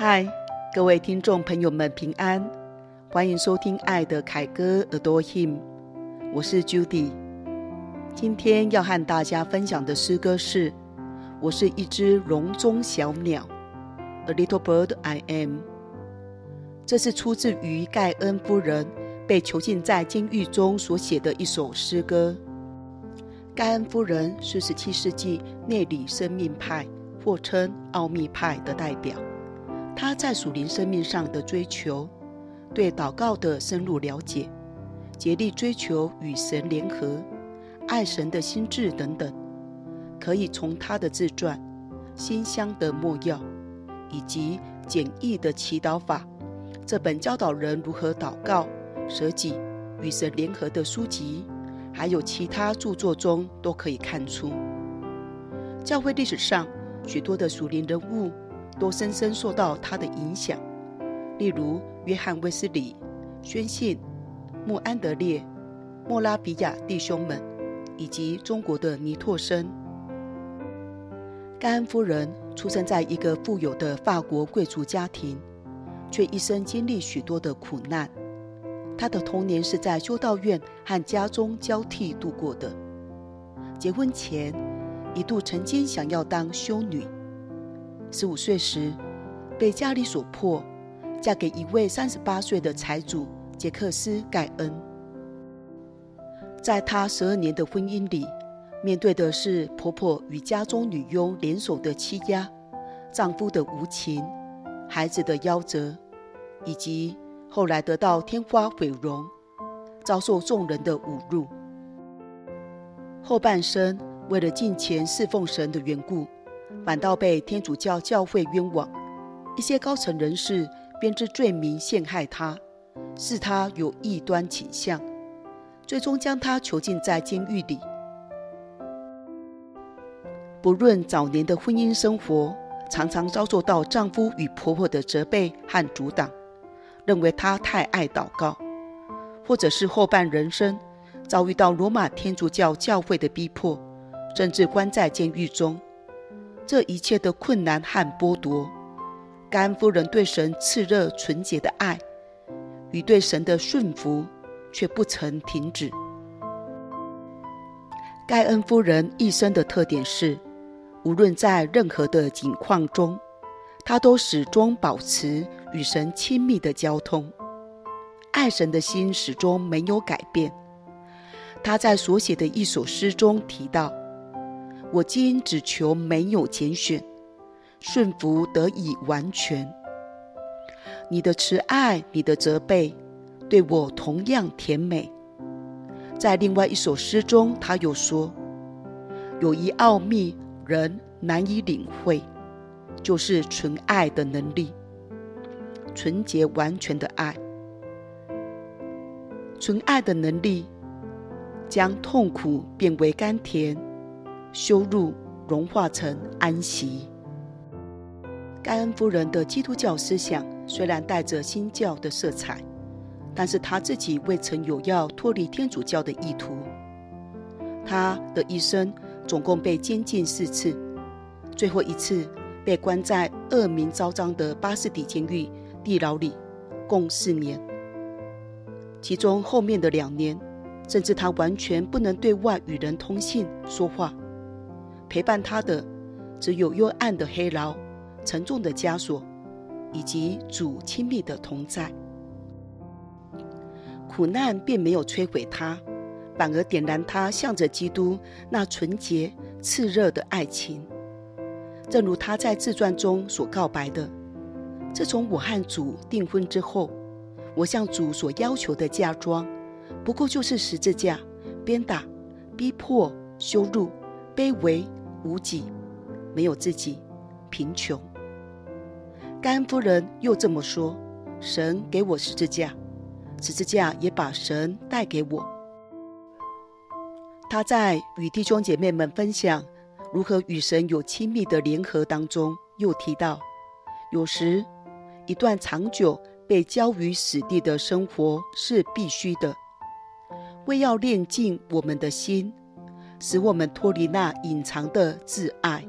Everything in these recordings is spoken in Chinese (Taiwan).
嗨，各位聽眾朋友們，平安，歡迎收聽《愛的凱歌》Adore Him。我是 Judy。今天要和大家分享的詩歌是《我是一隻籠中小鳥》A Little Bird I Am。這是出自於蓋恩夫人被囚禁在監獄中所寫的一首詩歌。蓋恩夫人是十七世紀內裡生命派，或稱奧秘派的代表。他在屬靈生命上的追求，對禱告的深入了解，竭力追求與神聯合，愛神的心志等等，可以從他的自傳《馨香的沒藥》，以及《簡易的祈禱法》這本教導人如何禱告、舍己、與神聯合的書籍，還有其他著作中都可以看出。教會歷史上許多的屬靈人物。多深深受到她的影響，例如約翰衛斯理、宣信、慕安得烈、莫拉比亞弟兄們，以及中國的倪柝聲。蓋恩夫人出生在一個富有的法國貴族家庭，卻一生經歷許多的苦難。她的童年是在修道院和家中交替度過的。結婚前，一度曾經想要當修女。十五歲時，被家裡所迫，嫁給一位三十八歲的財主傑克斯蓋恩。在她十二年的婚姻裡，面對的是婆婆與家中女傭聯手的欺壓，丈夫的無情，孩子的夭折，以及後來得到天花毀容，遭受眾人的侮辱。後半生為了敬虔侍奉神的緣故，反倒被天主教教會冤枉，一些高層人士編織罪名陷害他，視他有異端傾向，最終將他囚禁在監獄裡。不論早年的婚姻生活，常常遭受到丈夫與婆婆的責備和阻擋，認為她太愛禱告，或者是後半人生遭遇到羅馬天主教，教教會的逼迫，甚至關在監獄中。這一切的困難和剝奪，蓋恩夫人對神熾熱純潔的愛與對神的順服，卻不曾停止。蓋恩夫人一生的特點是，無論在任何的景況中，她都始終保持與神親密的交通，愛神的心始終沒有改變。她在所寫的一首詩中提到。我今只求沒有揀選，順服得以完全。你的慈愛，你的責備，對我同樣甜美。在另外一首詩中，他又說：有一奧秘，人難以領會，就是純愛的能力，純潔完全的愛，純愛的能力，將痛苦變為甘甜。羞辱融化成安息。蓋恩夫人的基督教思想雖然帶着新教的色彩，但是她自己未曾有要脫離天主教的意圖。她的一生總共被監禁四次，最後一次被關在惡名昭彰的巴士底監獄地牢裡，共四年，其中後面的兩年，甚至她完全不能對外與人通信、說話。陪伴她的只有幽暗的黑牢、沉重的枷鎖，以及主親密的同在。苦難並沒有摧毀她，反而點燃她向着基督那純潔熾熱的愛情。正如她在自傳中所告白的：“自從我和主訂婚之後，我向主所要求的嫁妝，不過就是十字架、鞭打、逼迫、羞辱、卑微。”無己，沒有自己，貧窮。蓋恩夫人又這麼說：“神給我十字架，十字架也把神帶給我。”她在與弟兄姐妹們分享如何與神有親密的聯合當中，又提到，有時一段長久被交於死地的生活是必須的，為要煉淨我們的心。使我們脫離那隱藏的自愛。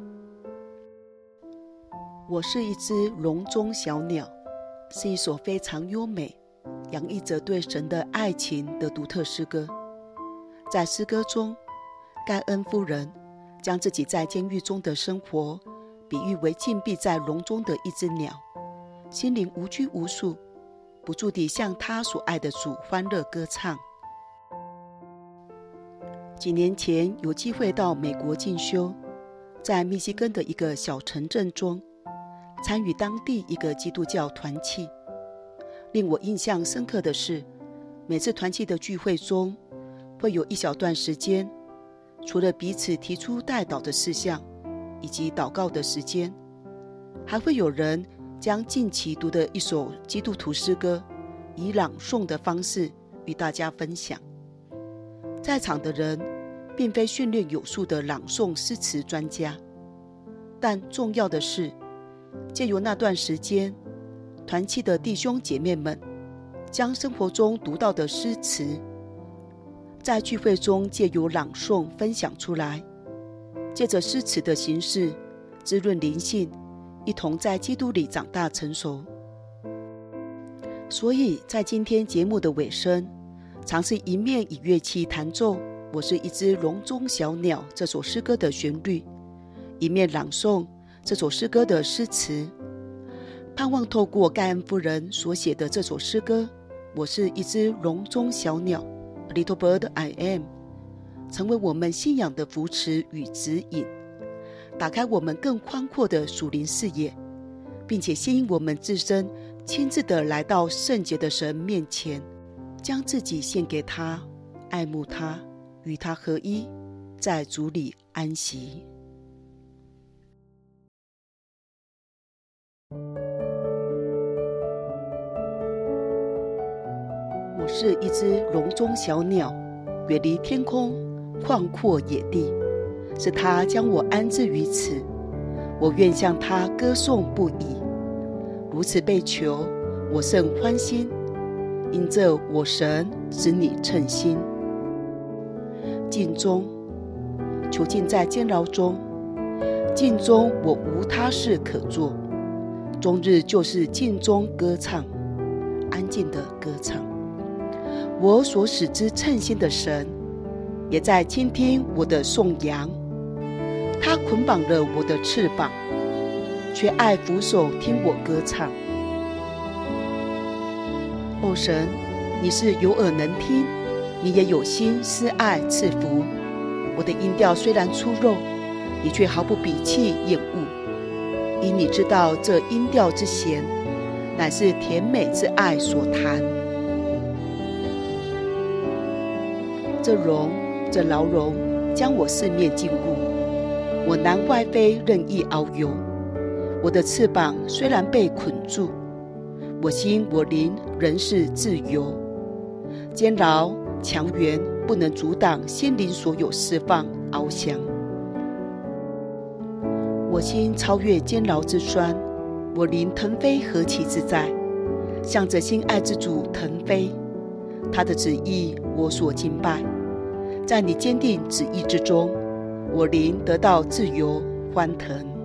我是一只籠中小鳥，是一首非常優美、洋溢着對神的愛情的獨特詩歌。在詩歌中，蓋恩夫人將自己在監獄中的生活比喻為禁閉在籠中的一只鳥，心靈無拘無束，不住地向他所愛的主歡樂歌唱。幾年前有機會到美國進修，在密西根的一個小城鎮中參與當地一個基督教團契。令我印象深刻的是，每次團契的聚會中，會有一小段時間，除了彼此提出代禱的事項以及禱告的時間，還會有人將近期讀的一首基督徒詩歌，以朗誦的方式與大家分享。在場的人，並非訓練有素的朗誦詩詞專家，但重要的是，借由那段時間，團契的弟兄姐妹們，將生活中讀到的詩詞，在聚會中借由朗誦分享出來，借着詩詞的形式滋潤靈性，一同在基督裡長大成熟。所以在今天節目的尾聲。嘗試一面以樂器彈奏《我是一隻籠中小鳥》這首詩歌的旋律，一面朗誦這首詩歌的詩詞，盼望透過蓋恩夫人所寫的這首詩歌《我是一隻籠中小鳥》，Little Bird I Am，成為我們信仰的扶持與指引，打開我們更寬闊的屬靈視野，並且吸引我們自身親自的來到聖潔的神面前。將自己獻給他，愛慕他，與他合一，在主裡安息。我是一隻籠中小鳥，遠離天空曠闊野地，是他將我安置於此，我願向他歌頌不已。如此被囚，我甚歡心。因著我神使你稱心，靜中囚禁在監牢中，靜中我無他事可做，終日就是靜中歌唱，安靜的歌唱。我所使之稱心的神，也在傾聽我的頌揚，他捆綁了我的翅膀，卻愛俯首聽我歌唱。哦，神，你是有耳能聽，你也有心思愛賜福。我的音調雖然粗陋，你卻毫不鄙棄厭惡，因你知道這音調之絃，乃是甜美之愛所彈。這籠，這牢籠，將我四面禁錮，我難怪非任意遨遊。我的翅膀雖然被捆住。我心我靈仍是自由，堅牢強援不能阻擋，心靈所有釋放翱翔。我心超越堅牢之栓，我靈騰飛何其自在！向着心愛之主騰飛，他的旨意我所敬拜。在你堅定旨意之中，我靈得到自由歡騰。